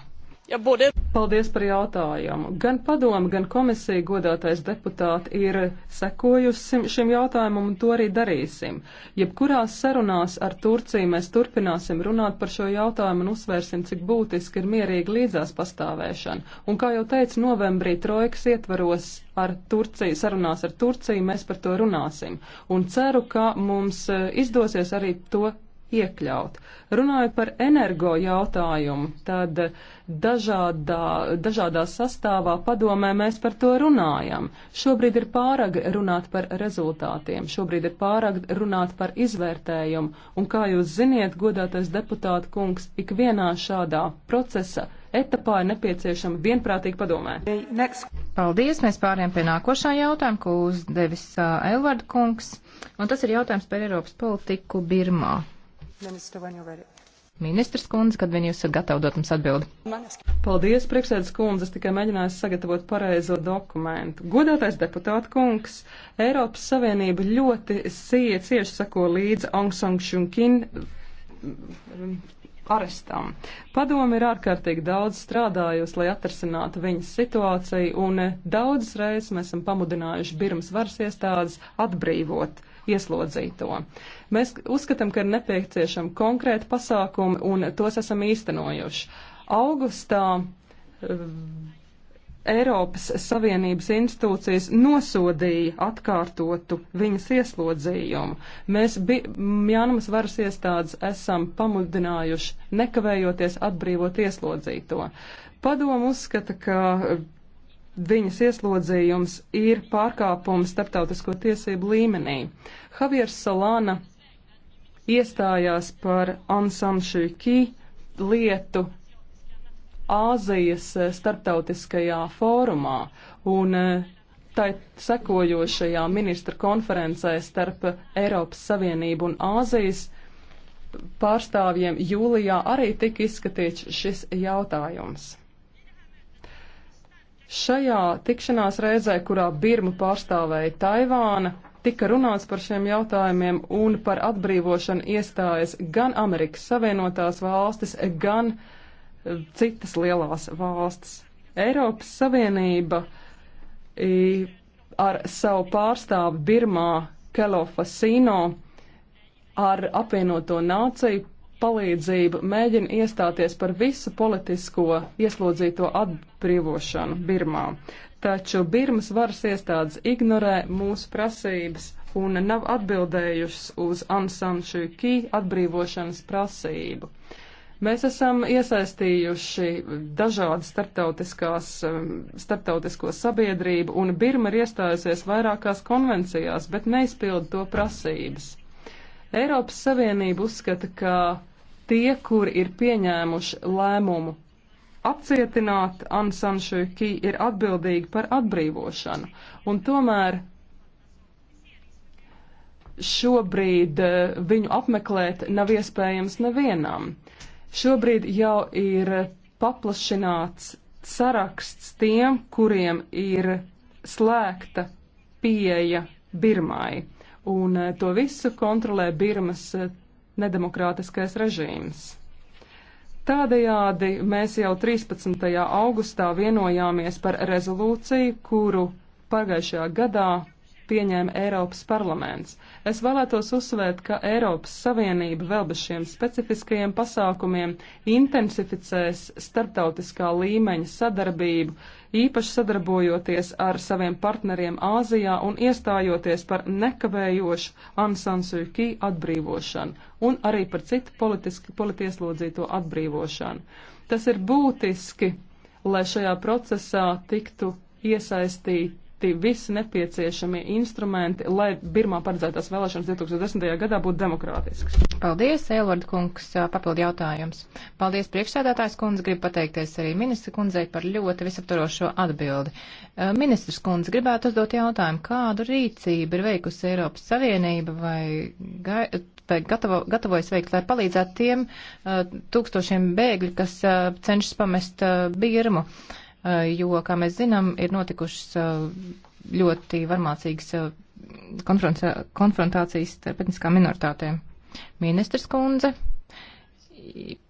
Ja, bude. Paldies par jautājumu. Gan padomu, gan komisija godātais deputāti ir sekojusi šim jautājumam un to arī darīsim. Jebkurās sarunās ar Turciju mēs turpināsim runāt par šo jautājumu un uzsvērsim, cik būtiski ir mierīga līdzās pastāvēšana. Un kā jau teicu, novembrī trojkas ietvaros ar Turciju, sarunās ar Turciju mēs par to runāsim. Un ceru, ka mums eh, izdosies arī to iekļaut. Runājot par energo jautājumu, tad dažādā, dažādā sastāvā padomē mēs par to runājam. Šobrīd ir pārāk runāt par rezultātiem, šobrīd ir pārāk runāt par izvērtējumu, un kā jūs ziniet, godātais deputāta kungs, ikvienā šādā procesa etapā ir nepieciešama vienprātīga padomē. Next. Paldies, mēs pāriem pie nākošā jautājuma, ko uzdevis uh, Elvard kungs, un tas ir jautājums par Eiropas politiku Birmā. Minister, Ministrs kundze, kad vien jūs esat gatavi dot mums atbildi. Paldies, priekšsēdus kundze, es tikai mēģināju sagatavot pareizo dokumentu. Godātais deputāta kungs, Eiropas Savienība ļoti sie, cieši sako līdz Aung San Suu Kyi arestam. Padomi ir ārkārtīgi daudz strādājusi, lai atrasinātu viņas situāciju, un eh, daudzas reizes mēs esam pamudinājuši Birmas varas iestādes atbrīvot ieslodzīto. Mēs uzskatām, ka ir nepieciešama konkrēta pasākuma un tos esam īstenojuši. Augustā eh, Eiropas Savienības institūcijas nosodīja atkārtotu viņas ieslodzījumu. Mēs Jānamas varas iestādes esam pamudinājuši nekavējoties atbrīvot ieslodzīto. Padomu uzskata, ka viņas ieslodzījums ir pārkāpums starptautisko tiesību līmenī. Javiers Solana iestājās par Ansam Šīki lietu Āzijas eh, starptautiskajā fórumā un eh, tai sekojošajā ministra konferencē starp Eiropas Savienību un Āzijas pārstāvjiem jūlijā arī tika izskatīts šis jautājums. Šajā tikšanās reizē, kurā Birma pārstāvēja Taivāna, tika runāts par šiem jautājumiem un par atbrīvošanu iestājas gan Amerikas Savienotās valstis, gan eh, citas lielās valstis. Eiropas Savienība eh, ar savu pārstāvu Birmā Kelofa Sino ar apvienoto nāciju palīdzību mēģina iestāties par visu politisko ieslodzīto at atbrīvošanu Birmā. Taču Birmas varas iestādes ignorē mūsu prasības un nav atbildējušas uz Ansan Šuki atbrīvošanas prasību. Mēs esam iesaistījuši dažādas starptautiskās, um, starptautisko sabiedrību, un Birma ir iestājusies vairākās konvencijās, bet neizpilda to prasības. Eiropas Savienība uzskata, ka tie, kuri ir pieņēmuši lēmumu apcietināt Ansan Šuki ir atbildīgi par atbrīvošanu. Un tomēr šobrīd eh, viņu apmeklēt nav iespējams nevienam. Šobrīd jau ir paplašināts saraksts tiem, kuriem ir slēgta pieeja Birmai. Un eh, to visu kontrolē Birmas eh, nedemokrātiskais režīms. Tādējādi mēs jau 13. augustā vienojāmies par rezolūciju, kuru pagājušajā gadā pieņēma Eiropas parlaments. Es vēlētos uzsvērt, ka Eiropas Savienība vēl bez šiem specifiskajiem pasākumiem intensificēs starptautiskā līmeņa sadarbību, īpaši sadarbojoties ar saviem partneriem Āzijā un iestājoties par nekavējošu Ansansuki atbrīvošanu un arī par citu politiski politieslodzīto atbrīvošanu. Tas ir būtiski, lai šajā procesā tiktu iesaistīt iegūti visi nepieciešamie instrumenti, lai Birmā paredzētās vēlēšanas 2010. gadā būtu demokrātiskas. Paldies, Elvard kungs, papildu jautājums. Paldies, priekšsēdētājs kundze, gribu pateikties arī ministra kundzei par ļoti visaptvarošo atbildi. Ministrs kundze gribētu uzdot jautājumu, kādu rīcību ir veikusi Eiropas Savienība vai, gai, vai gatavo, gatavojas veikt, lai palīdzētu tiem uh, tūkstošiem bēgļu, kas uh, cenšas pamest uh, Birmu. Uh, Eh, jo, kā mēs zinām, ir notikušas eh, ļoti varmācīgas eh, konfrontācijas starp etniskām minoritātēm. Ministrs kundze,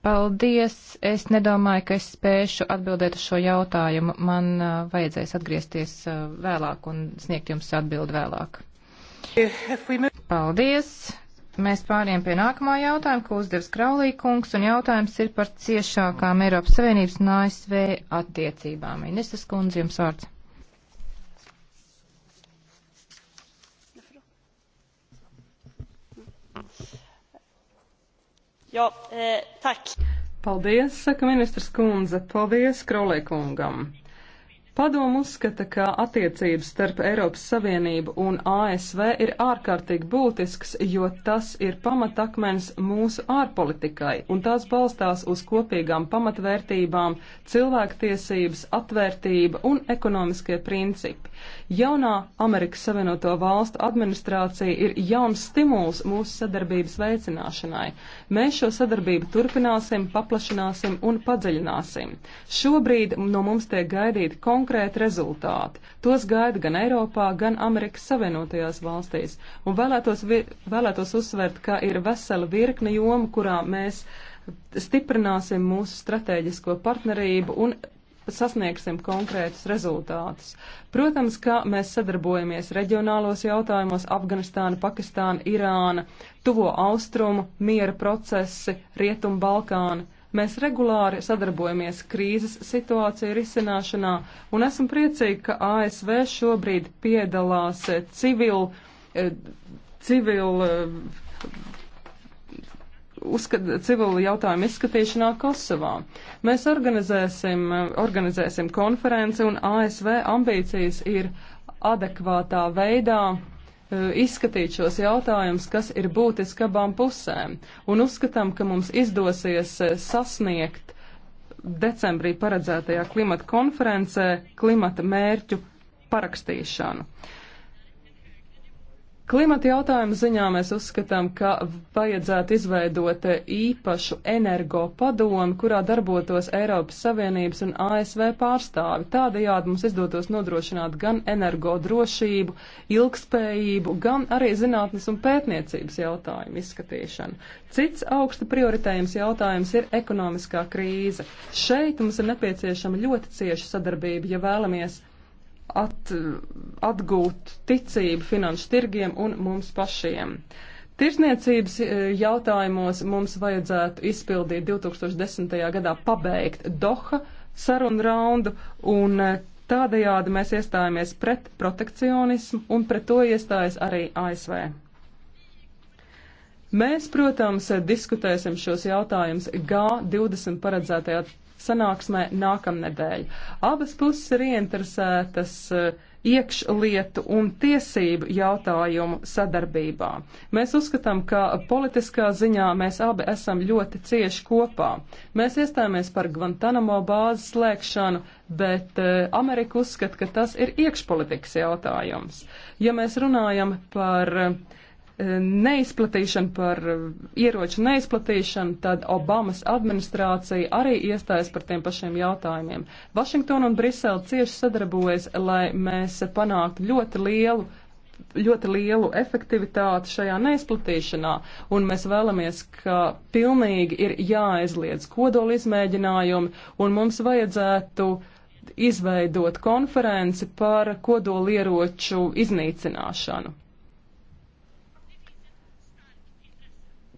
paldies. Es nedomāju, ka es spēšu atbildēt uz šo jautājumu. Man vajadzēs atgriezties vēlāk un sniegt jums atbildi vēlāk. Paldies. Mēs pāriem pie nākamā jautājuma, ko uzdevs Kraulīkungs, un jautājums ir par ciešākām Eiropas Savienības un ASV attiecībām. Inesas kundze, jums vārds. Jo, e, tak. Paldies, saka ministrs kundze. Paldies Kraulīkungam. Padomu uzskata, ka attiecības starp Eiropas Savienību un ASV ir ārkārtīgi būtisks, jo tas ir pamatakmens mūsu ārpolitikai, un tās balstās uz kopīgām pamatvērtībām - cilvēktiesības, atvērtība un ekonomiskie principi. Jaunā Amerikas Savienoto Valstu administrācija ir jauns stimuls mūsu sadarbības veicināšanai. Mēs šo sadarbību turpināsim, paplašināsim un padziļināsim. Šobrīd no mums tiek gaidīti konkrēti rezultāti. Tos gaida gan Eiropā, gan Amerikas Savienotajās valstīs. Un vēlētos, vi, vēlētos uzsvērt, ka ir vesela virkne jomu, kurā mēs stiprināsim mūsu strateģisko partnerību un sasniegsim konkrētus rezultātus. Protams, ka mēs sadarbojamies reģionālos jautājumos - Afganistāna, Pakistāna, Irāna, Tuvo Austrumu, miera procesi, Rietumu Balkāni. Mēs regulāri sadarbojamies krīzes situāciju risināšanā un esam priecīgi, ka ASV šobrīd piedalās eh, civil, eh, civil eh, uzskat, civilu jautājumu izskatīšanā Kosovā. Mēs organizēsim, organizēsim konferenci un ASV ambīcijas ir adekvātā veidā e, izskatīt šos jautājumus, kas ir būtiski abām pusēm, un uzskatām, ka mums izdosies e, sasniegt decembrī paredzētajā klimata konferencē klimata mērķu parakstīšanu. Uh, Klimata jautājumu ziņā mēs uzskatām, ka vajadzētu izveidot eh, īpašu energo padomu, kurā darbotos Eiropas Savienības un ASV pārstāvi. Tādējādi mums izdotos nodrošināt gan energo drošību, ilgspējību, gan arī zinātnes un pētniecības jautājumu izskatīšanu. Cits augsti prioritējums jautājums ir ekonomiskā krīze. Šeit mums ir nepieciešama ļoti cieša sadarbība, ja vēlamies at, atgūt ticību finanšu tirgiem un mums pašiem. Tirzniecības e, jautājumos mums vajadzētu izpildīt 2010. gadā pabeigt Doha sarunu raundu un e, tādējādi mēs iestājāmies pret protekcionismu un pret to iestājas arī ASV. Mēs, protams, diskutēsim šos jautājumus G20 paredzētajā sanāksmē nākamnedēļ. Abas puses ir ieinteresētas eh, iekšlietu un tiesību jautājumu sadarbībā. Mēs uzskatām, ka politiskā ziņā mēs abi esam ļoti cieši kopā. Mēs iestājāmies par Guantanamo bāzes slēgšanu, bet eh, Amerika uzskata, ka tas ir iekšpolitikas jautājums. Ja mēs runājam par uh, E, neizplatīšanu, par e, ieroču neizplatīšanu, tad Obamas administrācija arī iestājas par tiem pašiem jautājumiem. Vašingtona un Brisele cieši sadarbojas, lai mēs panāktu ļoti lielu ļoti lielu efektivitāti šajā neizplatīšanā, un mēs vēlamies, ka pilnīgi ir jāaizliedz kodoli izmēģinājumi, un mums vajadzētu izveidot konferenci par kodolieroču iznīcināšanu.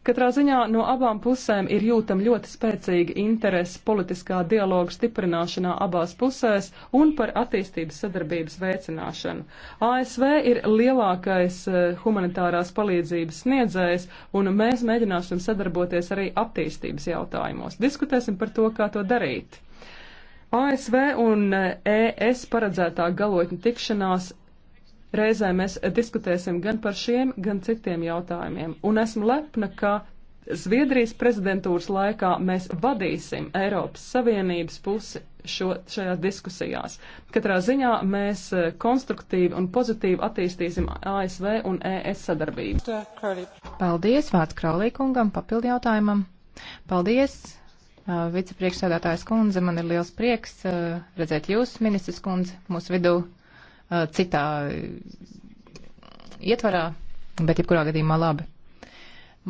Katrā ziņā no abām pusēm ir jūtam ļoti spēcīga interese politiskā dialoga stiprināšanā abās pusēs un par attīstības sadarbības veicināšanu. ASV ir lielākais eh, humanitārās palīdzības sniedzējs, un mēs mēģināsim sadarboties arī attīstības jautājumos. Diskutēsim par to, kā to darīt. ASV un ES eh, e paredzētā galotņu tikšanās reizē mēs diskutēsim gan par šiem, gan citiem jautājumiem. Un esmu lepna, ka Zviedrijas prezidentūras laikā mēs vadīsim Eiropas Savienības pusi šo, šajās diskusijās. Katrā ziņā mēs eh, konstruktīvi un pozitīvi attīstīsim ASV un ES sadarbību. Paldies Vārts Kraulīkungam papildu jautājumam. Paldies! Uh, Vicepriekšsēdētājs kundze, man ir liels prieks uh, redzēt jūs, ministrs kundze, mūsu vidū citā ietvarā, bet jebkurā gadījumā labi.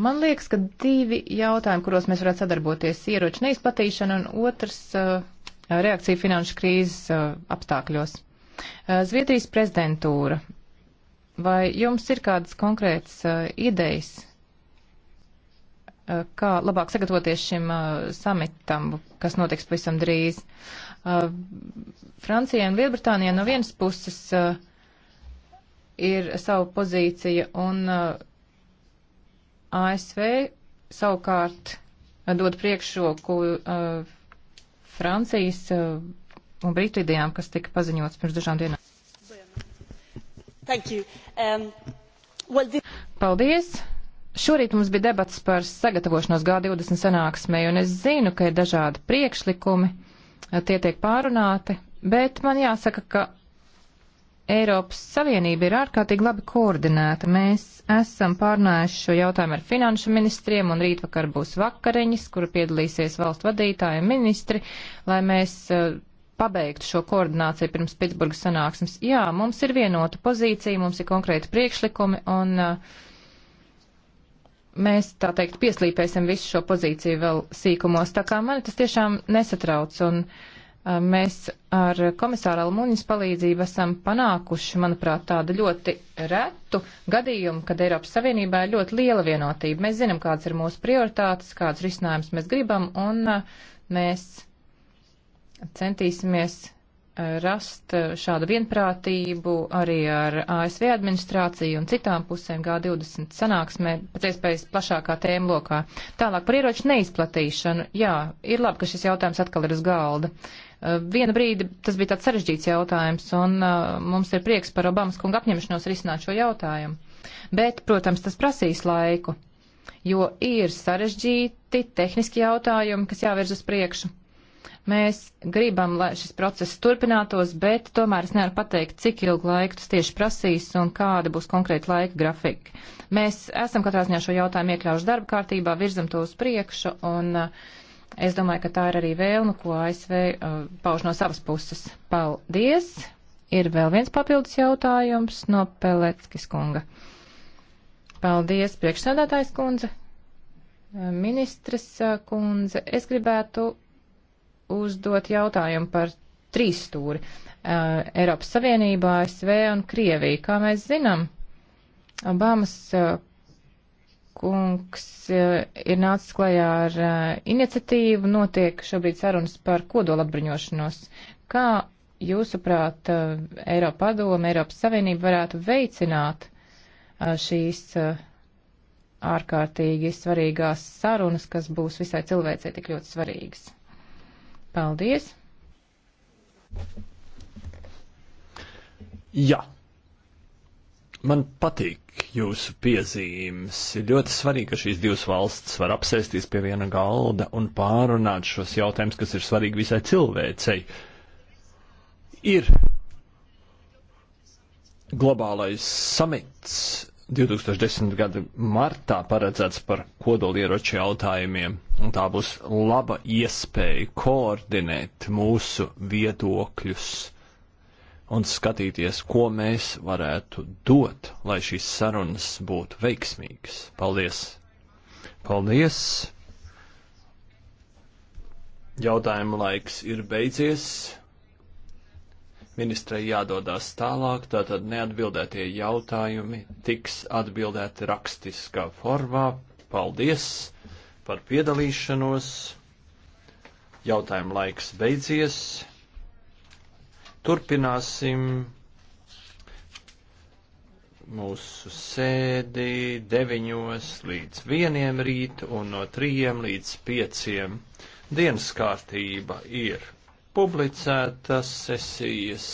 Man liekas, ka divi jautājumi, kuros mēs varētu sadarboties - ieroču neizplatīšana un otrs reakcija finanšu krīzes apstākļos. Zviedrijas prezidentūra. Vai jums ir kādas konkrētas idejas, kā labāk sagatavoties šim samitam, kas notiks pavisam drīz? Eh, Francijai un Lielbritānijai no vienas puses eh, ir sava pozīcija un eh, ASV savukārt dod priekšroku Francijas un Britu idejām, kas tika paziņots pirms dažām dienām. Um, well, this... Paldies! Šorīt mums bija debats par sagatavošanos G20 sanāksmē, un es zinu, ka ir dažādi priekšlikumi tie tiek pārunāti, bet man jāsaka, ka Eiropas Savienība ir ārkārtīgi labi koordinēta. Mēs esam pārnājuši šo jautājumu ar finanšu ministriem, un rītvakar būs vakariņas, kur piedalīsies valstu vadītāji un ministri, lai mēs uh, pabeigtu šo koordināciju pirms Pitsburgas sanāksmes. Jā, mums ir vienota pozīcija, mums ir konkrēti priekšlikumi, un uh, mēs, tā teikt, pieslīpēsim visu šo pozīciju vēl sīkumos. Tā kā mani tas tiešām nesatrauc, un mēs ar komisāru Almuņas palīdzību esam panākuši, manuprāt, tādu ļoti retu gadījumu, kad Eiropas Savienībā ir ļoti liela vienotība. Mēs zinām, kādas ir mūsu prioritātes, kādas risinājumus mēs gribam, un mēs centīsimies rast eh, šādu vienprātību arī ar ASV administrāciju un citām pusēm G20 sanāksmē pēc iespējas plašākā tēma lokā. Tālāk par ieroču neizplatīšanu. Jā, ir labi, ka šis jautājums atkal ir uz galda. Eh, Vienu brīdi tas bija tāds sarežģīts jautājums, un eh, mums ir prieks par Obamas kunga apņemšanos risināt šo jautājumu. Bet, protams, tas prasīs laiku, jo ir sarežģīti tehniski jautājumi, kas jāvirz uz priekšu Mēs gribam, lai šis process turpinātos, bet tomēr es nevaru pateikt, cik ilgu laiku tas tieši prasīs un kāda būs konkrēta laika grafika. Mēs esam katrā ziņā šo jautājumu iekļaujuši darba kārtībā, virzam to uz priekšu un eh, es domāju, ka tā ir arī vēlme, ko ASV uh, eh, pauž no savas puses. Paldies! Ir vēl viens papildus jautājums no Peleckis kunga. Paldies, priekšsādātājs kundze. Eh, ministres kundze, es gribētu uzdot jautājumu par trīs stūri uh, - Eiropas Savienība, ASV un Krievija. Kā mēs zinām, Obamas uh, kungs uh, ir nācis klajā ar uh, iniciatīvu, notiek šobrīd sarunas par kodola apbruņošanos. Kā jūsuprāt, uh, Eiropa padoma, Eiropas Savienība varētu veicināt uh, šīs uh, ārkārtīgi svarīgās sarunas, kas būs visai cilvēcei tik ļoti svarīgas? Paldies! Jā. Man patīk jūsu piezīmes. Ir ļoti svarīgi, ka šīs divas valstis var apsēsties pie viena galda un pārunāt šos jautājumus, kas ir svarīgi visai cilvēcei. Ir globālais samits 2010. gada martā paredzēts par kodolieroču jautājumiem, un tā būs laba iespēja koordinēt mūsu viedokļus un skatīties, ko mēs varētu dot, lai šīs sarunas būtu veiksmīgas. Paldies! Paldies! Jautājuma laiks ir beidzies ministrei jādodas tālāk, tātad neatbildētie jautājumi tiks atbildēti rakstiskā formā. Paldies par piedalīšanos. Jautājumu laiks beidzies. Turpināsim mūsu sēdi 9 līdz 1 rīt un no 3 līdz 5 dienas kārtība ir publicētas sesijas